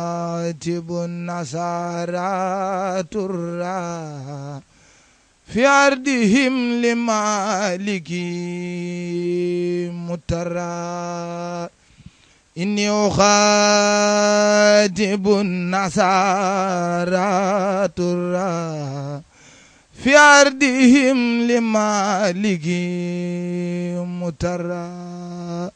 عاتب النصارى ترى في عرضهم لمالك مترى إني أخاتب النصارى ترى في عرضهم لمالك مترى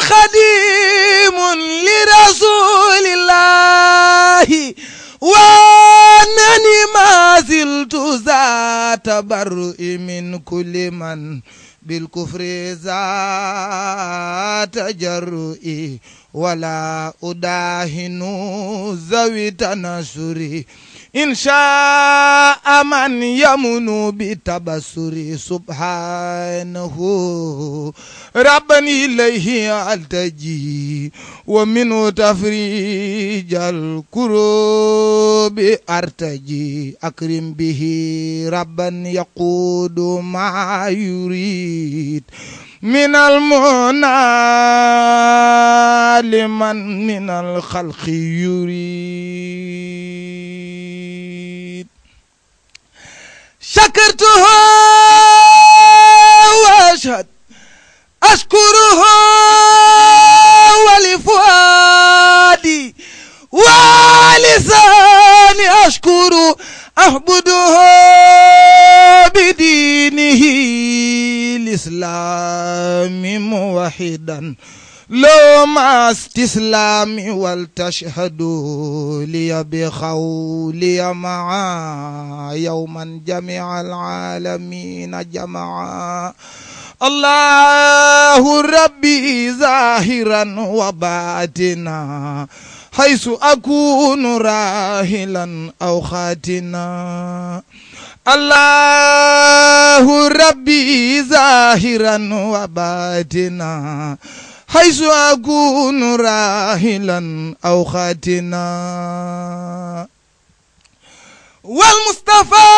خديم لرسول الله وأنني ما زلت ذات برء من كل من بالكفر ذات جرئي ولا أداهن ذوي تناصر إن شاء من يمن بتبصر سبحانه ربني إليه ألتجي ومنه تفريج الكروب أرتجي أكرم به ربا يقود ما يريد من المنى لمن من الخلق يريد شكرته لو ما استسلامي ولتشهدوا لي بخولي معا يوما جميع العالمين جمعا الله ربي ظاهرا وباتنا حيث أكون راهلا أو خاتنا allahu rabbi zahiran wa batina حيث أكون راحلا أو خاتنا والمصطفى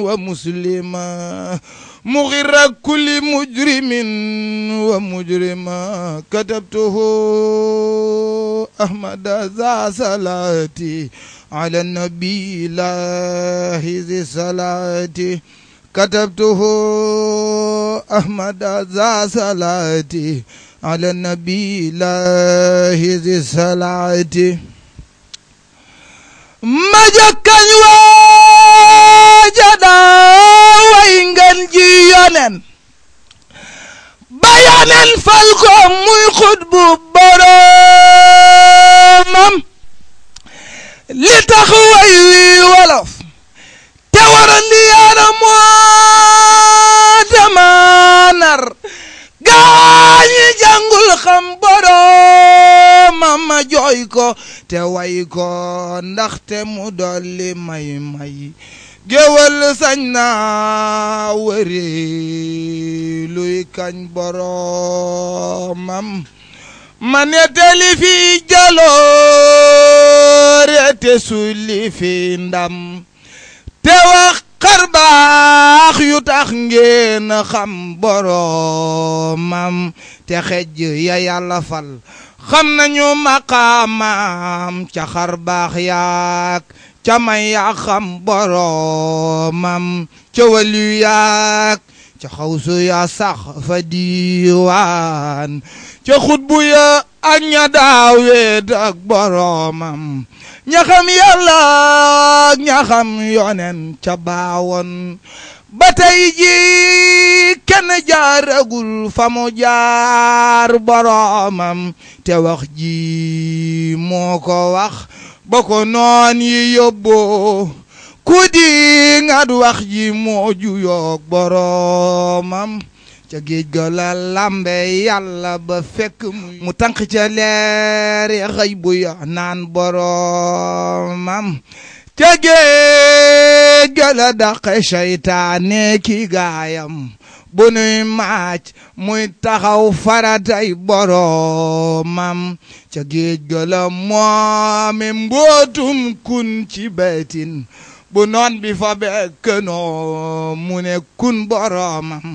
ومسلما مغر كل مجرم ومجرما كتبته أحمد ذا صلاتي على النبي الله ذي صلاتي كتبته أحمد ذا صلاتي على النبي الله ذي صلاتي ما جكني sajada way ngeen ji yonen ba yonen fal ko muy xutbu boroomam li tax way wi wolof te wara li yaara moo demaanar gaañi jàngul xam boroomam ma jooy te way ndaxte mu dolli may may géwël sañ naa wëri luy kañ boromam ma nettali fi jaloore te sulli fi ndam te wax xarbaax yu tax ngeen xam boromam te xejj ya yàlla fal xam nañu maqaamam ca xarbaax yaak ca may yaa xam boromam ca waliyu yaag ca xawsu ya sax fa diiwaan ca xutbu ya ak ña daawee ak ña xam yàlla ña xam yonen ca baawoon ba tey ji kenn jaaragul fa mu jaar boromam te wax ji moo ko wax ba ko noon yi yóbboo ku di ngat wax ji moo juyoog boroomam ca géej ga la lambe yàlla ba fekk mu tànq ca leeri xëy bu ya naan boroomam ca géej ga la daqe ki gaayam bu nuy maac muy taxaw faratay boroomam ca géej ga la moome mbootum kun ci baytin bu noon bi fa bekkenoo mu ne kun boroomam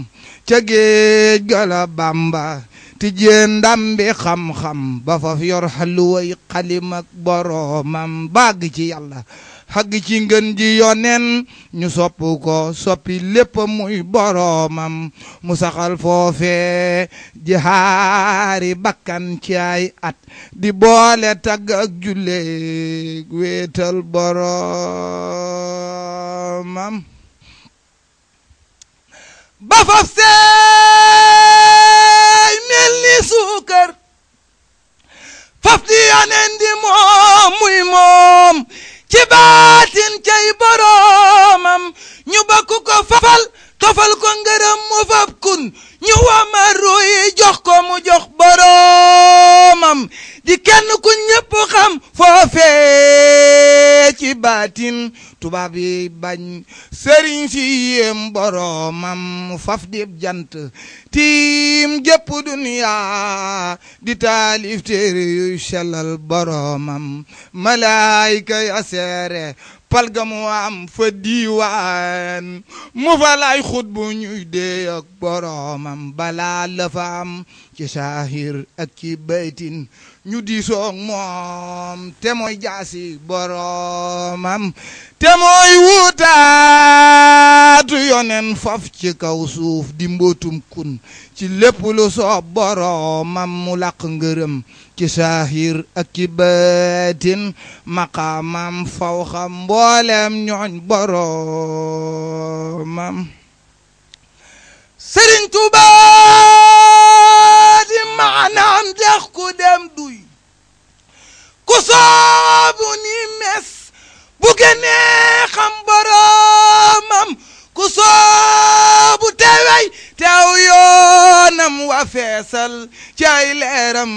ca géej ga la bamba tijjee ndam bi xam-xam ba fa yor xaluway xalim ak boroomam bàgg ci yàlla xagg ci ngën ji yonen ñu sopp soppi lépp muy mam mu saxal foofe ji xaari bakkan ci at di boole tagg ak julleeg wéetal boroomam ba faf seey mel ni suukar faf di yanen di moom muy moom ci baatin cay boroomam ñu bokk ko fal tofal ko ngërëm mu fab kun ñu wamaru yi jox ko mu jox boroomam di kenn ku ñépp xam foofee ci baatin tubaab yi bañ sëriñ si yéem boroomam faf dib jant tiim jëpp duniyaa di taalif téere yuy sellal boroomam malaayka ya seere pal ga mu am fa diiwaan mu fa lay xut bu ñuy dee ak boroomam balaa la fa am ci saahir ak ci baytin ñu diisoog moom te mooy jaasi boroomam te mooy yonen faf ci kaw suuf di mbootum kun ci lépp lu soob boroomam mu laq ngërëm ci saahir ak ci baatin maqaamam fawxa mboolem ñooñ boroomam sëriñ Tuuba di maanaam jax ku dem duy ku soobu ni bu gënee boroomam ku soobu tewey te aw yoonam wa feesal ci ay leeram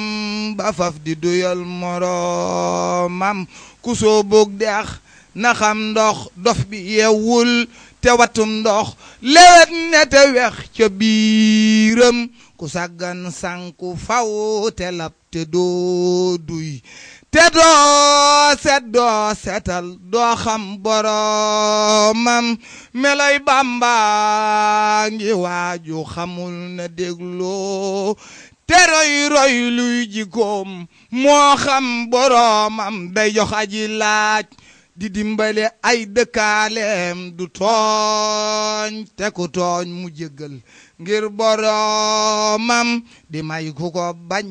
ba faf di duyal moroomam ku soo dex na xam ndox dof bi yeewul te watum ndox lewet ne te wex ca biiram ku sàggan sànku faw te lab te doo duy te doo set doo setal doo xam boromam melay Bàmba waaju xamul na dégloo te roy roy luy jikkoom moo xam boromam day jox aji laaj di dimbale ay dëkkaaleem du tooñ te ku tooñ mu jéggal ngir boromam di may ku ko bañ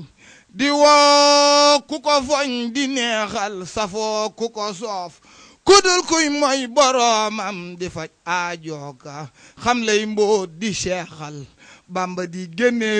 di woo ku ko foñ di neexal safoo ku ko soof ku dul kuy mooy boroomam di faj aajooka xam lay mbóot di seexal bamba di génne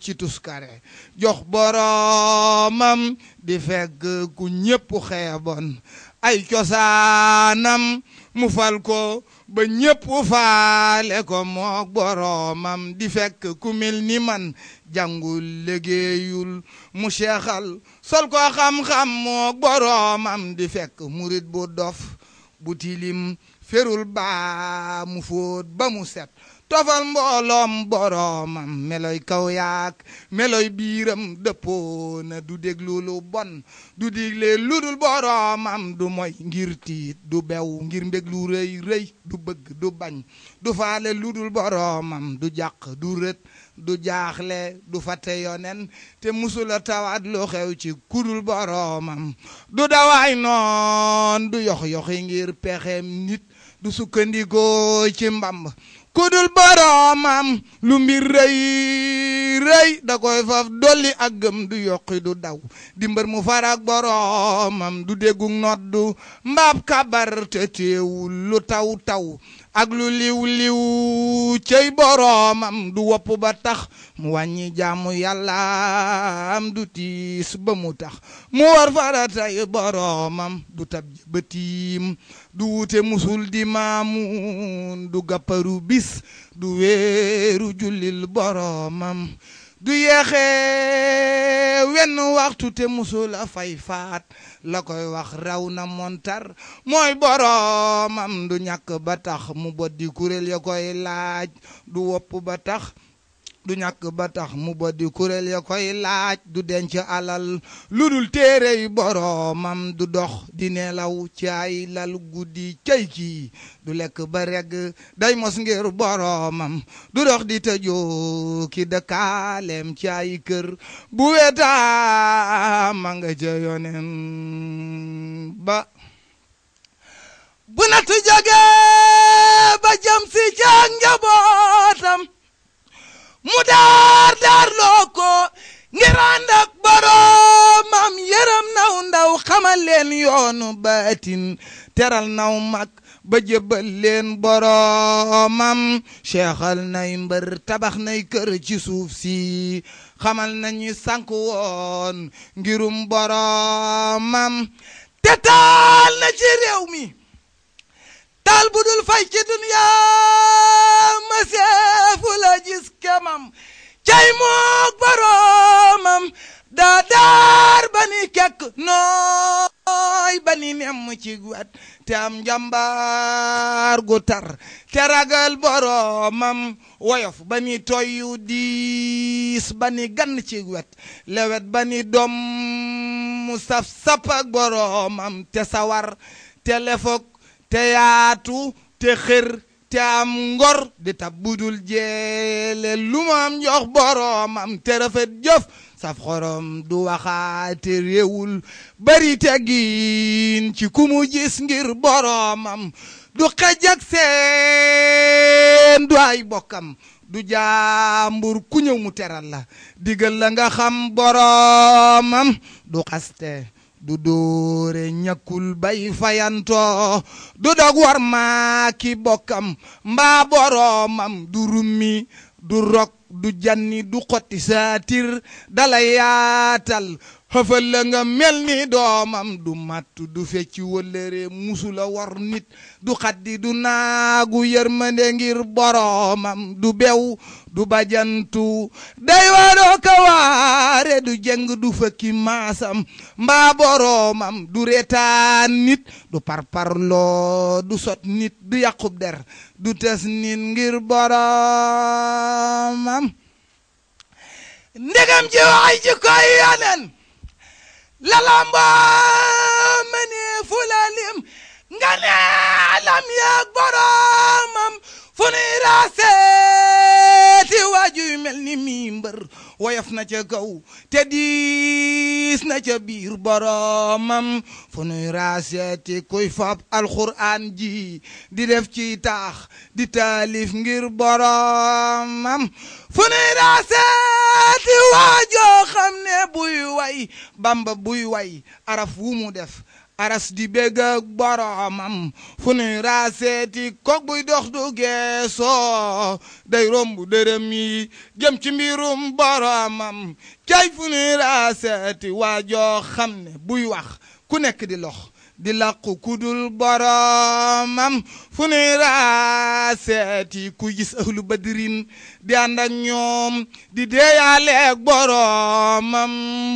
ci tuskare jox boroomam di fekk ku ñépp xeeboon ay cosaanam mu fal ko ba ñépp faale ko mook boroomam di fekk ku ni man jàngul liggéeyul mu seexal sol ko xam-xam mook boroomam di fekk murit bu dof bu tilim ferul baa mu fóot ba mu set tofal mbooloom boroomam meloy kaw yaak meloy biiram dëppoo na du déglu lu bon du digle lu dul boroomam du moy ngir tiit du bew ngir mbég lu rëy rëy du bëgg du bañ du faale lu dul boroomam du jàq du rët du jaaxle du fàtte yonen te musula tawaat lu xew ci kudul boroomam du dawaay noon du yox ngir pexem nit du sukkandikoo ci mbamb kudul boroomam lu mbir rëy rëy da koy faf dolli ak gëm du yokki du daw di mu farak boroomam du déggu noddu mbaab kabar te teewul lu taw taw ak lu liw liw cey boroomam du wopp ba tax mu wàññi jaamu yàllaam du tiis ba mu tax mu war faratay boroomam du tab ba du wute musul di maamun du gàpparu bis gis du wéeru jullil boromam du yeexee wenn waxtu te musul a fay faat la koy wax raw na montar mooy boromam du ñàkk ba tax mu boddi kuréel ya koy laaj du wopp ba tax du ñàkk ba tax mu ba di kuréel ya koy laaj du denc alal lu dul téere yi boroomam du dox di nelaw ci ay lal guddi cay kii du lekk ba regg day mos ngir boroomam du dox di tëjoo ki dëkkaaleem ci ay kër bu weta ma nga ca ba bu natt jóge ba jëm si ca njaboot daar daar loo ngir ànd ak boroomam yërëm naw ndaw xamal leen yoonu baatin teral naw mag ba jëbal leen boroomam seexal nay mbër tabax nay kër ci suuf si xamal nañu sànk woon ngirum boroomam te taal na ci réew mi taal bu dul fay ci duniyaa ma mbay moog boroomam daa daar ba ni nooy ba ni nemm ci wet te am njàmbaar gu te ragal boroomam woyof ba ni toyu diis ba ni gann wet lewet ba ni sap ak boroomam te sawar te lefog te yaatu te xër te am ngor di tab budul jeele lu ma am jox boroomam te rafet jëf saf xorom du waxaate réewul bari teggin ci ku mu ngir boroomam du xej ak seen du ay bokkam du jaambur ku ñëw mu teral la digal la nga xam boroomam du xaste du dóore ñàkkul bay fayanto du dog war maa ki bokkam mbaa boroomam du rummi du rok du janni du xotti saatir dala yaatal xëfal nga melni domam du matu du fecci wolere musula war nit du xaddi du nagu yërmande ngir boromam du bew du bajantu day wado ka du jeng du fëkki masam mba boromam du retanit nit du parparlo du sot nit du yakub der du tes nit ngir boromam ndegam ci wax ci koy yanen la lamboo mëneefu la nga ne lam yeeg boromam fu nuy raasee waajuy mel ni mii mbër woyof na ca kaw te diis na ca biir boromam fu nuy raaseeti kuy fab alxuraan ji di def ci taax di taalif ngir boromam fu nuy raaseeti waajoo xam ne buy way bamba buy way araf wu mu def aras di bég ak boromam fu nuy raaseeti buy dox du geesoo day romb dërëm yi jëm ci mbirum boromam cay fu nuy raaseeti waajoo xam ne buy wax ku nekk di lox di làqu kudul boromam fu nuy raaseeti ku gis ahlu badrin di ànd ñoom di deeyaaleeg boromam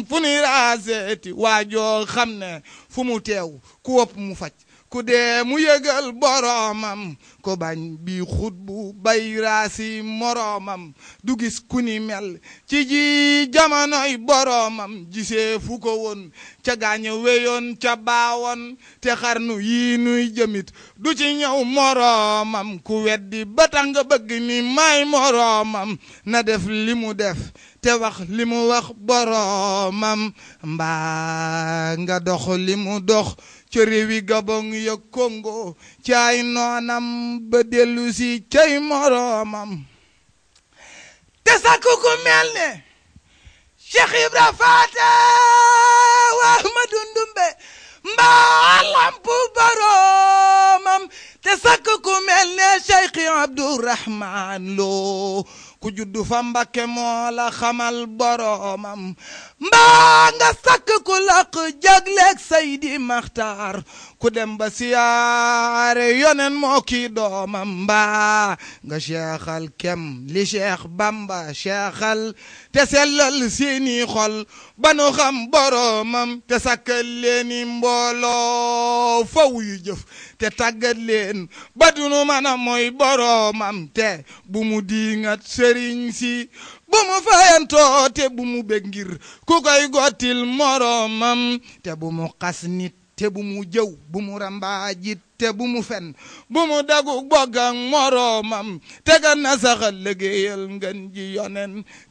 fu nuy raaseeti waajoo xam ne fu mu teew ku wopp mu faj ku dee mu yëgal boromam ko bañ bi xut bu bay raasi moroomam du gis ku ni mel ci ji jamonoy boromam gisee fu ko woon ca gaaña weyoon ca baawoon te xarnu yii nuy jëmit du ci ñaw moroomam ku weddi ba nga bëgg ni may moroomam na def li mu def te wax li mu wax boroomam mbaa nga dox limu dox ca réewi Gabon ya Congo ca ay ba dellu si cay moroomam te sakku ku mel ne شيخ ابرافات واحمد دندمبه مبا علم ببرومم تسككو ملنا شيخ عبد الرحمن لو كجدو فمبك مولا خمل برومم mbaa nga sakk ku laq jagleeg saydi maxtaar ku dem ba siyaare yonen moo kii doomam mbaa nga seexal kem li cheikh bamba seexal te sellal seeni xol ba nu xam boroomam te sakkal leeni mbooloo faw yu jëf te tàggat leen ba dunu mën a mooy boroomam te bu mu diingat sëriñ si bu mu fayantoo te bu mu bég ngir ku koy gottil moroomam te bu mu xas nit te bu mu jëw bu mu ramba jit te bu mu fen bu mu dagu bogg ak moroomam te ga nasaxal liggéeyal ngeen ji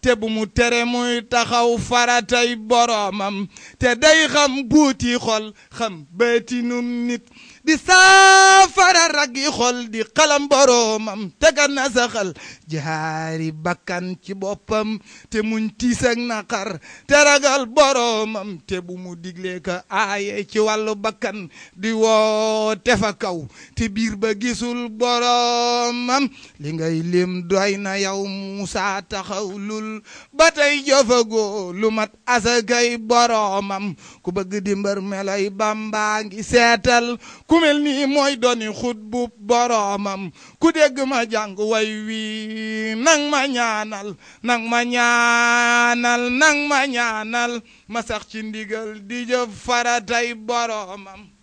te bu mu tere muy taxaw faratay boroomam te day xam buuti xol xam bëtinum nit di saafara rag yi di xalam boroomam tegan na saxal jaari bakkan ci boppam te muñ tiis ak naqar te ragal te bu mu diglee ka aaye ci wàllu bakkan di woo tefa kaw te biir ba gisul boroomam li lim doy na yow Muusa taxawlul ba tey jofagoo lu mat asakay boroomam ku bëgg di mbër melay seetal ku ku mel nii mooy doni xut bu boroomam ku dégg ma jàng way wi nang ma ñaanal nang ma ñaanal nang ma ñaanal ma sax ci ndigal di jëf faratay boroomam